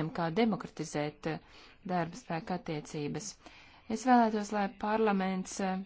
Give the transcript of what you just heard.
veidiem, kā demokratizēt eh, darba spēka attiecības. Es vēlētos, lai parlaments eh,